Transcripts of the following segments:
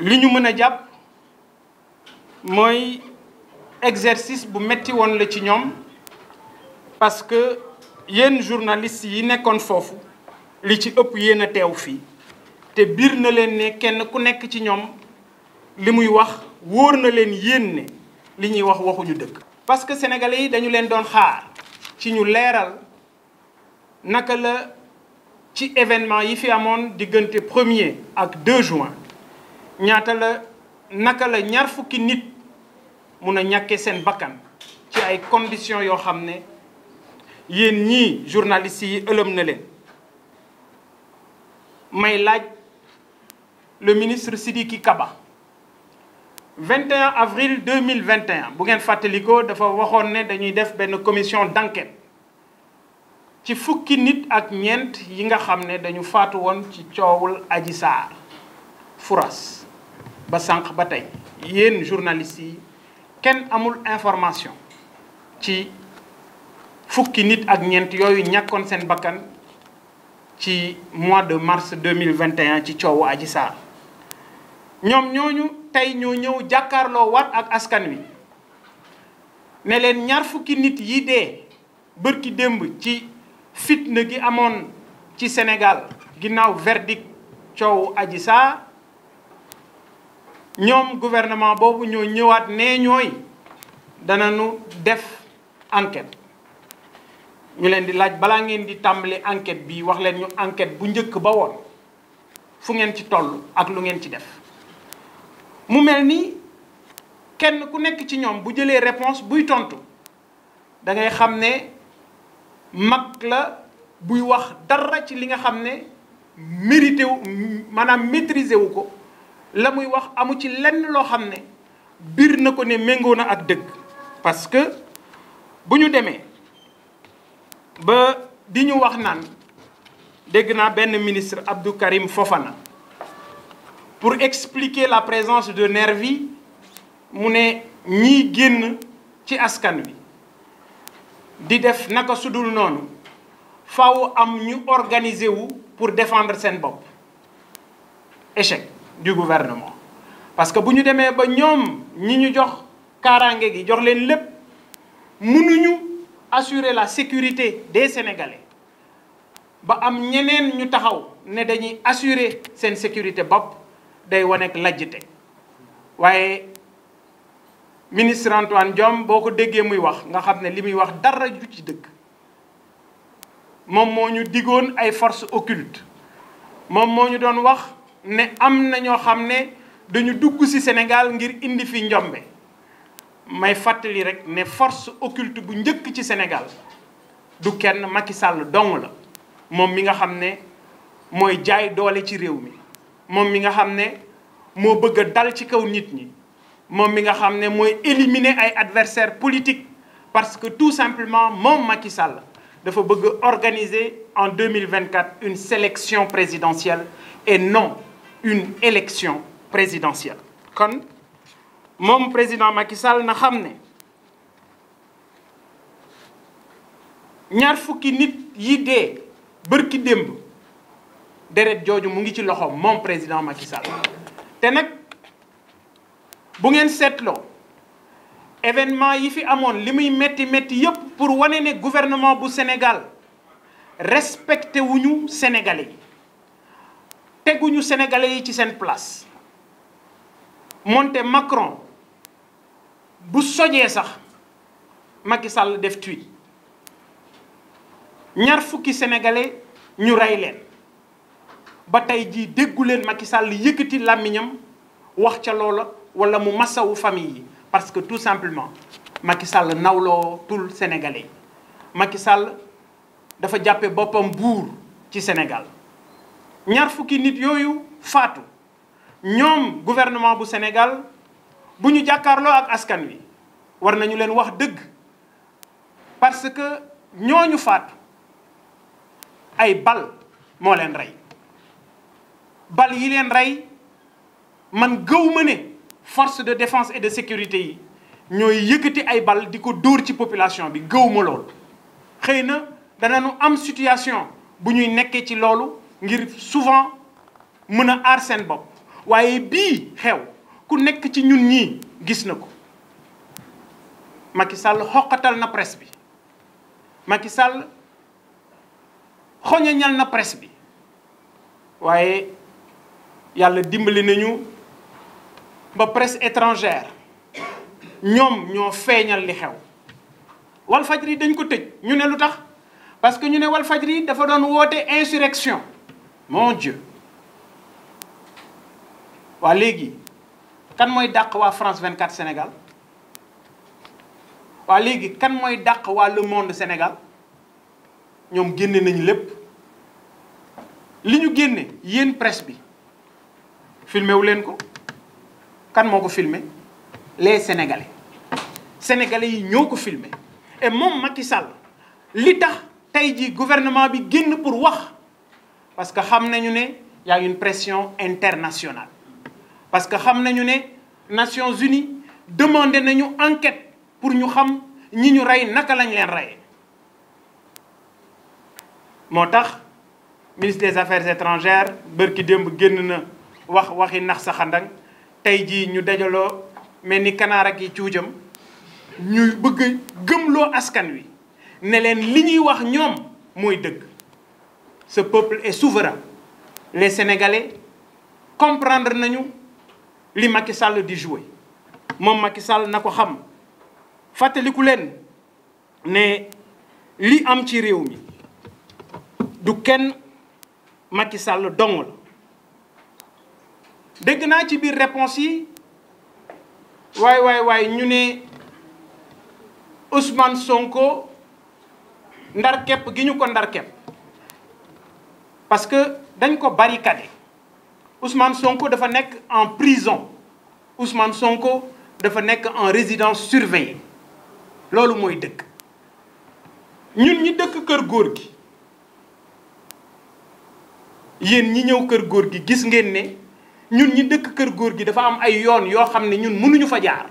li ñu mën a jàpp mooy exercice bu metti woon la ci ñoom parce que yéen journaliste yi nekkoon foofu li ci ëpp yéen a teew fii te biir na leen ne kenn ku nekk ci ñoom li muy wax wóor na leen yéen ne li ñuy wax waxuñu dëkk parce que sénégalais yi dañu leen doon xaar ci ñu leeral. naka la ci événement yi fi amoon diggante premier ak 2 juin ñaata la naka la ñaar fukki nit mun a ñàkkee seen bakkan ci ay conditions yoo xam ne yéen ñii journalistes yi ëlëm na leen may laaj le ministre Sidiki Kaba 21 avril 2021 bu ngeen fàttalikoo dafa waxoon ne dañuy def benn commission d'enquête ci fukki nit ak ñeent yi nga xam ne dañu faatu woon ci coowul aji Sarr Furas ba sànq ba tey yéen journalistes yi kenn amul information ci fukki nit ak ñeent yooyu ñàkkoon seen bakkan ci mois de mars 2021 ci coowu aji Sarr ñoom ñooñu tey ñoo ñëw jàkkaarloo waat ak askan wi ne leen ñaar fukki nit yi dee bërki démb ci fitna gi amoon ci Sénégal ginnaaw verdict coow Adji Sarr ñoom gouvernement boobu ñoo ñëwaat nee ñooy dana danañu def enquête ñu leen di laaj balaa ngeen di tàmbali enquête bi wax leen ñu enquête bu njëkk ba woon fu ngeen ci toll ak lu ngeen ci def mu mel ni kenn ku nekk ci ñoom bu jëlee réponse buy tontu da xam ne mag la buy wax dara ci li nga xam ne mérité wu maanaam wu ko la muy wax amu ci lenn loo xam ne biir na ko ne méngoo na ak dëgg parce que bu ñu demee ba di ñu wax naan dégg naa benn ministre Abdou Karim Fofana pour expliquer la présence de nervi mu ne ñi génn ci askan wi di def naka sudul noonu faw am ñu organiser wu pour défendre seen bopp échec du gouvernement parce que bu ñu demee ba ñoom ñi ñu jox kaaraange gi jox leen lépp mu ñu assurer la sécurité des sénégalais ba am ñeneen ñu taxaw ne dañuy assurer seen sécurité bopp day waneeg lajjite waaye ministre Antoine Diome boo ko déggee muy wax nga xam ne li muy wax dara ju ci dëkk moom moo ñu digoon ay forces occultes moom moo ñu doon wax ne am na ñoo xam ne dañu dugg ci Sénégal ngir indi fi njombe may fàttali rek ne force occulte bu njëkk ci Sénégal du kenn Macky Sall dong la moom mi nga xam ne mooy jaay doole ci réew mi moom mi nga xam ne moo bëgg a dal ci kaw nit ñi moom mi nga xam ne mooy éliminer ay adversaires politique parce que tout simplement moom Macky Sall dafa bëgg organiser en 2024 une sélection présidentielle et non une élection présidentielle kon moom président Macky Sall na xam ne ñaar fukki nit yi dee bërki démb deret jooju mu ngi ci loxoom moom président Macky te nag bu ngeen seetloo événement yi fi amoon li muy metti metti yëpp pour wane ne gouvernement bu Sénégal respecté wuñu sénégalais yi teguñu sénégalais yi ci seen place monte Macron bu sojee sax Macky Sall def tuit ñar fukki sénégalais ñu rey leen ba tey jii déggu leen Macky Sall yëkkati làmmiñam wax ca loola wala mu masawu famille yi parce que tout simplement Macky Sall nawlootul sénégalais yi Macky Sall dafa jàppe boppam buur ci Sénégal ñaar fukki nit yooyu faatu ñoom gouvernement bu Sénégal bu ñu jàkkaarloo ak askan wi war nañu leen wax dëgg parce que ñooñu faatu ay bal moo leen rey bal yi leen rey man gëw ma ne force de défense et de sécurité yi ñooy yëkkati ay bal di ko dóor ci population bi gëwuma lool. xëy na danañu am situation bu ñuy nekkee ci loolu ngir souvent mën a aar seen bopp waaye bii xew ku nekk ci ñun ñii gis na ko Macky Sall xoqatal na presse bi Macky Sall xoñañal na presse bi waaye yàlla dimbali nañu. ba presse étrangère ñoom ñoo feeñal li xew wal Walfadjri dañ ko tëj ñu ne lu tax parce que ñu ne wal Walfadjri dafa doon woote insurection mon Dieu waa léegi kan mooy dàq waa France 24 Sénégal waa léegi kan mooy dàq waa Le Monde Sénégal ñoom génne nañu lépp li ñu génne yéen presse bi filmé wu leen ko kan moo ko filmé les sénégalais sénégalais yi ñoo ko filmé et moom Macky li tax tey jii gouvernement bi génn pour wax parce que xam nañu ne y a une pression internationale. parce que xam nañu ne Nations Unies demandé nañu enquête pour ñu xam ñi ñu rey naka lañ leen reyee moo tax ministre des affaires étrangères bërki démb génn na wax waxi nax sa tey jii ñu dajaloo mel ni kanaar ak yi cuujam ñuy bëgg gëmloo askan wi ne leen li ñuy wax ñoom mooy dëgg ce peuple est souverain les sénégalais comprendre nañu li Macky Sall di jouer moom Macky Sall na ko xam fàttaliku leen ne li am ci réew mi du kenn Macky Sall dong dëgg naa ci biir réponse yi waaye waay waay ñu ne Ousmane Sonko ndar képp gi ñu ko ndar parce que dañ ko barricadé Ousmane Sonko dafa nekk en prison Ousmane Sonko dafa nekk en résidence surveillée loolu mooy dëkk ñun ñi dëkk kër góor gi yéen ñi ñëw kër góor gi gis ngeen ne ñun ñi dëkk kër góor gi dafa am ay yoon yoo xam ne ñun mënuñu fa jaar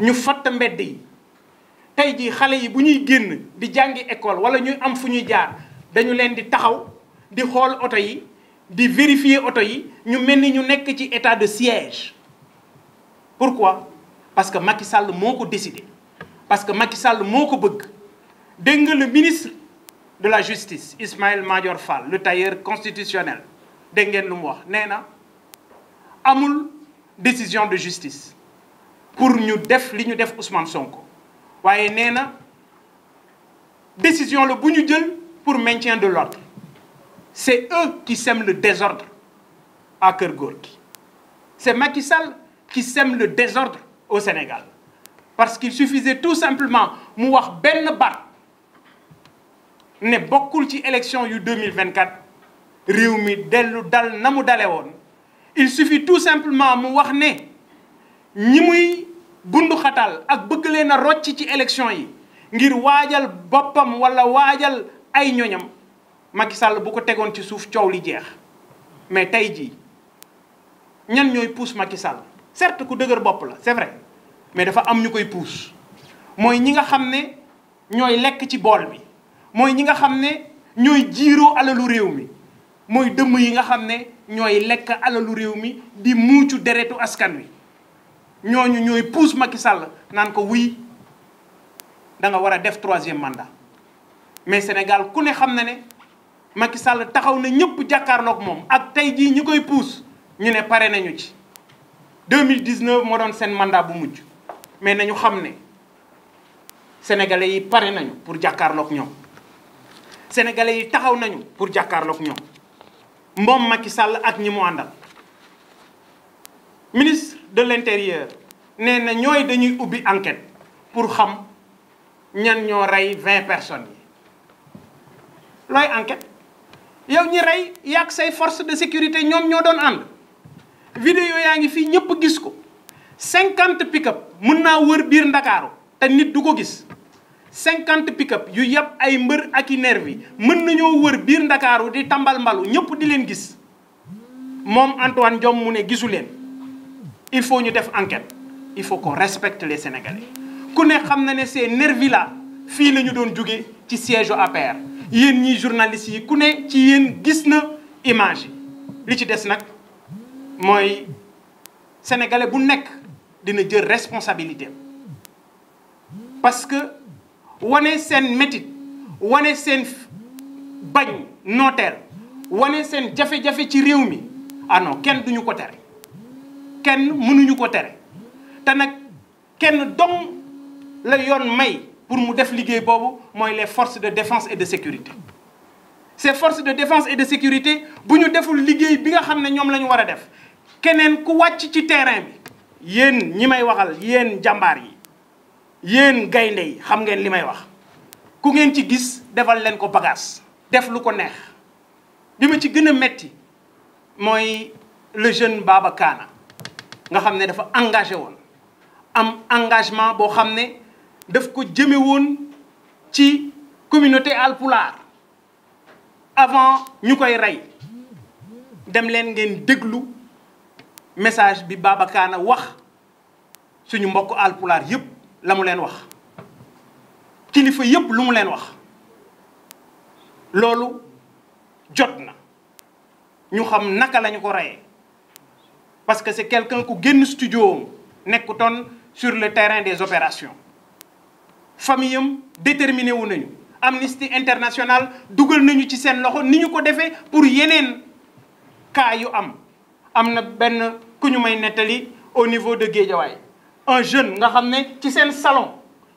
ñu fatt mbedd yi tey jii xale yi bu ñuy génn di jàngi école wala ñu am fu ñuy jaar dañu leen di taxaw di xool oto yi di vérifier oto yi ñu mel ni ñu nekk ci état de siège pourquoi parce que Macky Sall moo ko décidé parce que Macky Sall moo ko bëgg dégg nga le ministre de la justice Ismaïla Madior Fall le tailleur constitutionnel dégg ngeen lu mu wax nee na amul décision de justice pour ñu def li ñu def Ousmane Sonko waaye nee na décision la bu ñu jël pour maintien de l'ordre c'est eux qui sèment le désordre à Kër Gorgui c'est Macky Sall qui sème le désordre au Sénégal parce qu'il suffisait tout simplement mu wax benn baat ne bokkul ci élection yu 2024 réew mi dellu dal na mu dale woon su fi tout simplement mu wax ne ñi muy bunduxatal ak bëgg leen a rocc ci élection yi ngir waajal boppam walla waajal ay ñoñam Macky Sall bu ko tegoon ci suuf coow li jeex mais tey jii ñan ñooy puus makisal Sall certes ku dëgër bopp la c'est vrai mais dafa am ñu koy puus mooy ñi nga xam ne ñooy lekk ci bool bi mooy ñi nga xam ne ñooy jiiroo alalu réew mi mooy dëmm yi nga xam ne ñooy lekk alalu réew mi di muucu deretu askan wi ñoo ñu ñooy puus Macky sàll naan ko wuy da nga war a def troisième mandat mais Sénégal ku ne xam na ne Macky Sall taxaw na ñëpp jàkkaarlook moom ak tey jii ñi koy puus ñu ne pare nañu ci 2019 moo doon seen mandat bu mujj mais nañu xam ne sénégalais yi pare nañu pour jàkkaarlook ñoom sénégalais yi taxaw nañu pour jàkkaarloog ñoom moom Macky Sall ak ñi mu àndal ministre de l'intérieur nee na ñooy dañuy ubbi enquête pour xam ñan ñoo rey vingt personnes yi looy enquête yow ñi rey yàq say force de sécurité ñoom ñoo doon ànd vidéo yaa ngi fii ñëpp gis ko cinquante pick mun naa wër biir Ndakaaru te nit du ko gis cinquante pick-up yu yëpp ay mbër ak i nervi mën nañoo wër biir ndakaaru di tambal mbalu ñëpp di leen gis moom Antoine Diome mu ne gisu leen il faut ñu def enquête il faut qu'on respecte les Sénégalais ku ne xam na ne ces nervi fii la ñu doon jóge ci siège APR yéen ñii journalistes yi ku ne ci yéen gis na image li ci des nag mooy sénégalais bu nekk dina jël responsabilité parce que wane seen métit wane seen bañ nooteel wane seen jafe-jafe ci réew mi ah kenn duñu ko tere kenn mënuñu ko tere te nag kenn dong la yoon may pour mu def liggéey boobu mooy les force de défense et de sécurité ces force de défence et de sécurité bu ñu deful liggéey bi nga xam ne ñoom lañu ñu war a def keneen ku wàcc ci terrain bi yéen ñi may waxal yéen jàmbaar yi yéen gaynde xam ngeen li may wax ku ngeen ci gis defal leen ko bagage def lu ko neex bi ma ci gën a metti mooy le jeune Baba Kaana nga xam ne dafa engagé woon am engagement boo xam ne daf ko jëme woon ci communauté alpulaar avant ñu koy rey dem leen ngeen déglu message bi Baba Kaana wax suñu mbokk alpulaar yépp lamu leen wax kilifa yépp lu mu leen wax loolu jot na ñu xam naka lañu ko reyee parce que c'est quelqu'un ku génn studio am nekkutoon sur le terrain des opérations famille am wu nañu Amnesty International dugal nañu ci seen loxo ni ñu ko defee pour yeneen cas yu am am na benn ku ñu may nettali au niveau de Guédiawaye un jeune nga xam ne ci seen salon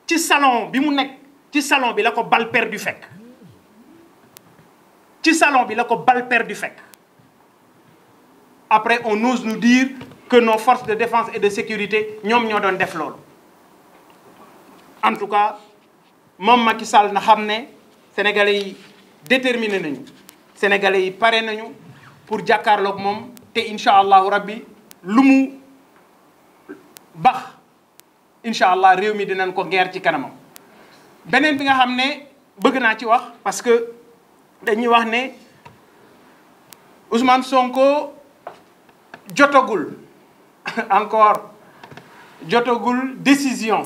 ci salon bi mu nekk ci salon bi la ko balle perdue fekk ci salon bi la ko per perdue fekk après on ose nous dire que nos force de défence et de sécurité ñoom ñoo doon def loolu en tout cas moom Macky Sall na xam ne sénégalais yi déterminé nañu sénégalais yi pare nañu pour jàkkaarloog moom te incha allahu rabbi lu mu bax incha allah réew mi dinañ ko ngeer ci kanamam beneen bi nga xam ne bëgg naa ci wax parce que dañuy wax ne Ousmane Sonko jotagul encore jotagul décision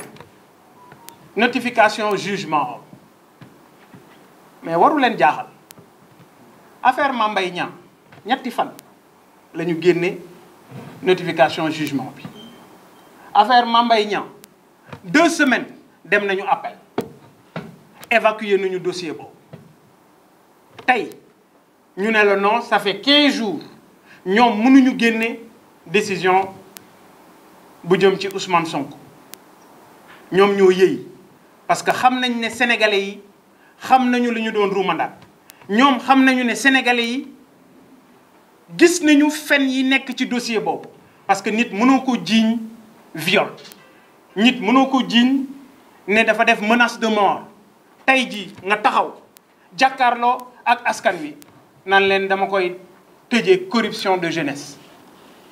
notification jugement mais waruleen jaaxal affaire Mame Mbaye Niang ñetti fan la ñu génne notification jugement bi affaire Mame Mbaye Niang deux semaines dem nañu appel évacuer nañu dossier boobu tey ñu ne la non ça fait quinze jours ñoom mënuñu génne décision bu jëm ci Ousmane Sonko ñoom ñoo yëy parce que xam nañ ne sénégalais yi xam nañu li ñu doon ruumandaat ñoom xam nañu ne sénégalais yi gis nañu fen yi nekk ci dossier boobu parce que nit mënoo ko jiiñ viol nit mënoo ko jiiñ ne dafa def menace de mort tey jii nga taxaw jàkkaarloo ak askan wi nan leen dama koy tëjee corruption de jeunesse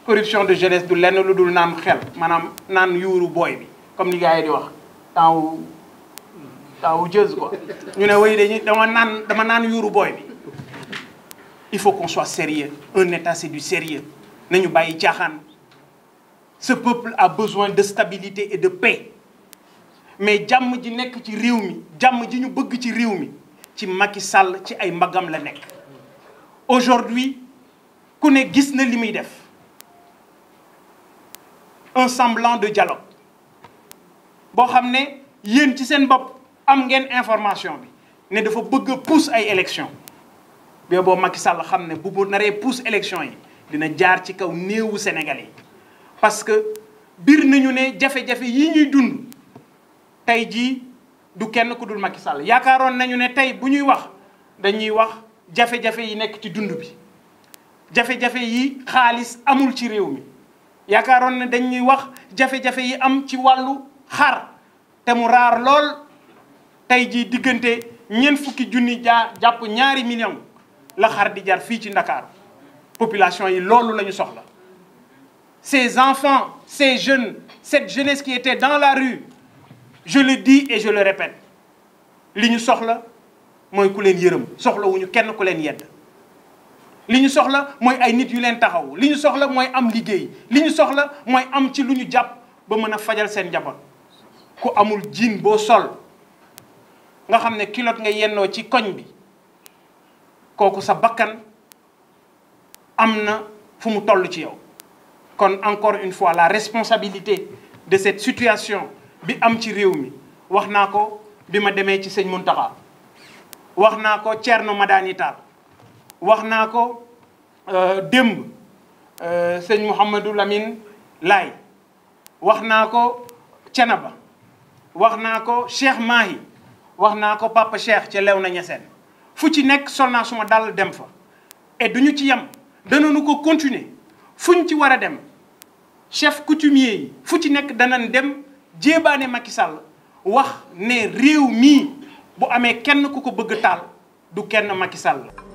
corruption de jeunesse du lenn lu dul naan xel maanaam naan yuuru booy bi comme ni gars yi di wax temps taawu jëz quoi ñu ne way dañu dama naan dama naan yuuru booy bi il faut qu'on soit sérieux un état c'est du sérieux nañu bàyyi caaxaan ce peuple a besoin de stabilité et de paix mais jàmm ji nekk ci réew mi jàmm ji ñu bëgg ci réew mi ci Macky sàll ci ay mbaggam la nekk aujourd'hui ku ne gis na li muy def un semblant de dialogue boo xam ne yéen ci seen bopp am ngeen information bi ne dafa bëgg a pousse ay élections boo boo Macky Sall xam ne bu bu naree pousse élections yi dina jaar ci kaw néewu Sénégalais yi parce que biir nañu ne jafe-jafe yi ñuy dund tey jii du kenn ku dul Macky Sall yaakaaroon nañu ne tey bu ñuy wax dañuy wax jafe-jafe yi nekk ci dund bi jafe-jafe yi xaalis amul ci réew mi yaakaaroon ne dañuy wax jafe-jafe yi am ci wàllu xar te mu raar lool tey jii diggante ñeent fukki junni jàpp ñaari million la xar di jar fii ci Ndakaaru population yi loolu lañu soxla ces enfants, ces jeunes, cette jeunesse qui était dans la rue je le dis et je le répète li ñu soxla mooy ku leen yërëm soxlawuñu kenn ku leen yedd li ñu soxla mooy ay nit yu leen taxaw li ñu soxla mooy am liggéey li ñu soxla mooy am ci lu ñu jàpp ba mën a fajal seen njaboot ku amul jiin boo sol nga xam ne kilote nga yennoo ci koñ bi kooku sa bakkan am na fu mu toll ci yow kon encore une fois la responsabilité de cette situation bi am ci réew mi wax naa ko bi ma demee ci sëñ Mountakha wax naa ko Thierno Madani Tall wax naa ko euh, démb euh, sëñ Mouhamadou Lamine Laye wax naa ko Thiénaba wax naa ko Cheikh Mahi wax naa ko Papa ce lew na Niassène fu ci nekk sol naa suma dal dem fa et duñu ci yem danañu ko continuer fuñ ci war a dem chef coutumier yi fu ci nekk danañ dem jéebaane Macky Sall wax ne réew mii bu amee kenn ku ko bëgg taal du kenn Macky Sall